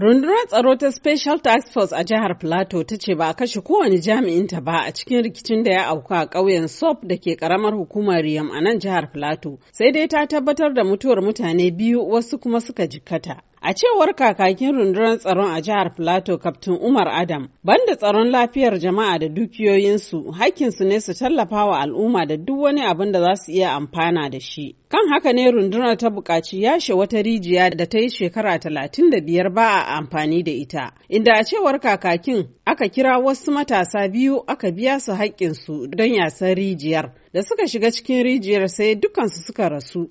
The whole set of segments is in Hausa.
Rundunar tsaro ta Special Task Force a jihar Plateau ta ce ba a kashe kowane jami'inta ba a cikin rikicin da ya auku a ƙauyen Sop da ke ƙaramar hukumar Riyam a nan jihar Plateau. Sai dai ta tabbatar da mutuwar mutane biyu wasu kuma suka jikkata. A cewar kakakin rundunar tsaron a jihar Plateau Kaftin Umar Adam, banda tsaron lafiyar jama'a da dukiyoyinsu, su ne su tallafa wa al'umma da duk wani abin da za su iya amfana da shi. Kan haka ne rundunar ta buƙaci yashe wata rijiya da ta yi shekara talatin da biyar ba a amfani da ita, inda a cewar kakakin aka kira wasu matasa biyu aka biya su haƙƙinsu don yasan rijiyar. Da suka shiga cikin rijiyar sai dukansu suka rasu,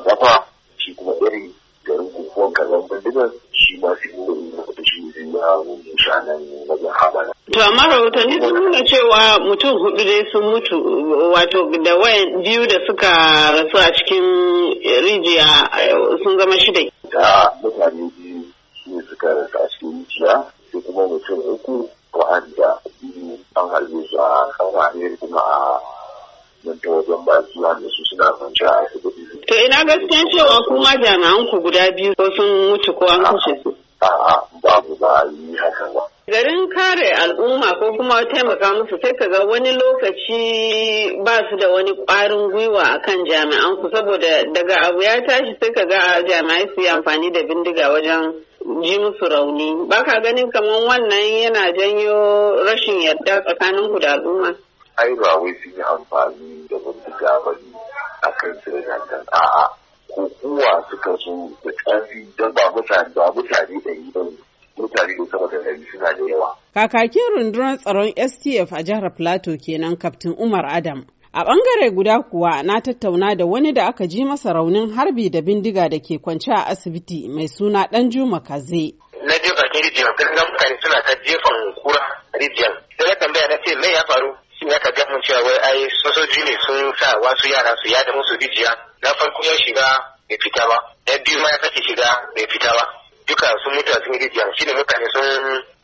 zuwa dafa shi kuma irin garin kukuwan kazan bindigar shi ma su yi da shi zai na shanan wajen habana. To amma rahotanni sun nuna cewa mutum hudu dai sun mutu wato da wayan biyu da suka rasu a cikin rijiya sun zama shida. Da mutane biyu ne suka rasu a cikin rijiya sai kuma mutum uku da biyu an halbe su a kan kuma a Mutum wajen ba zuwa da su suna kwanci a asibiti. To ina gaskiyan cewa kuma jami'an ku guda biyu ko sun mutu ko an kashe su. A'a babu ba a yi haka ba. garin kare al'umma ko kuma taimaka musu sai ka ga wani lokaci ba su da wani ƙwarin gwiwa akan jami'an ku saboda daga abu ya tashi sai ka ga jami'ai su yi amfani da bindiga wajen ji musu rauni ba ka ganin kamar wannan yana janyo rashin yarda tsakaninku da al'umma ai ba wai sun yi amfani da bindiga ba ne a kan sirrin a'a kuwa suka zo da ƙarfi don ba mutane ba mutane da yi mutane da sama da ɗari suna da yawa. Kakakin rundunar tsaron STF a jihar Plateau kenan Kaftin Umar Adam. A bangare guda kuwa na tattauna da wani da aka ji masa raunin harbi da bindiga da ke kwance a asibiti mai suna danjuma Kaze. Na jefa kiri jefa kan suna ta jefa wasu yara su yada musu rijiya na farko ya shiga bai fita ba na biyu ma ya sake shiga bai fita ba duka sun mutu a cikin rijiya ne mutane sun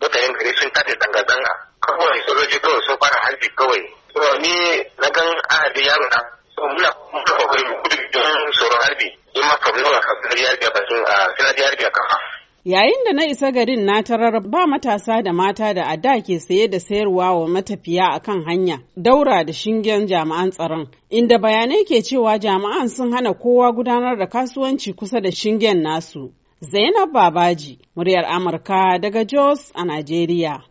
mutane gari sun kada zanga-zanga kawai sojoji kawai sun fara harbi kawai to ni na gan ahadi yaro na so muna kuma kokari mu gudu don tsoron harbi in ma problem a kasar yarda ba Yayin da na isa garin na tarar ba matasa da mata da a da ke saye da sayarwa wa matafiya a kan hanya, daura da shingen jami'an tsaron, inda bayanai ke cewa jami'an sun hana kowa gudanar da kasuwanci kusa da shingen nasu. Zainab Babaji, muryar Amurka daga Jos a Najeriya.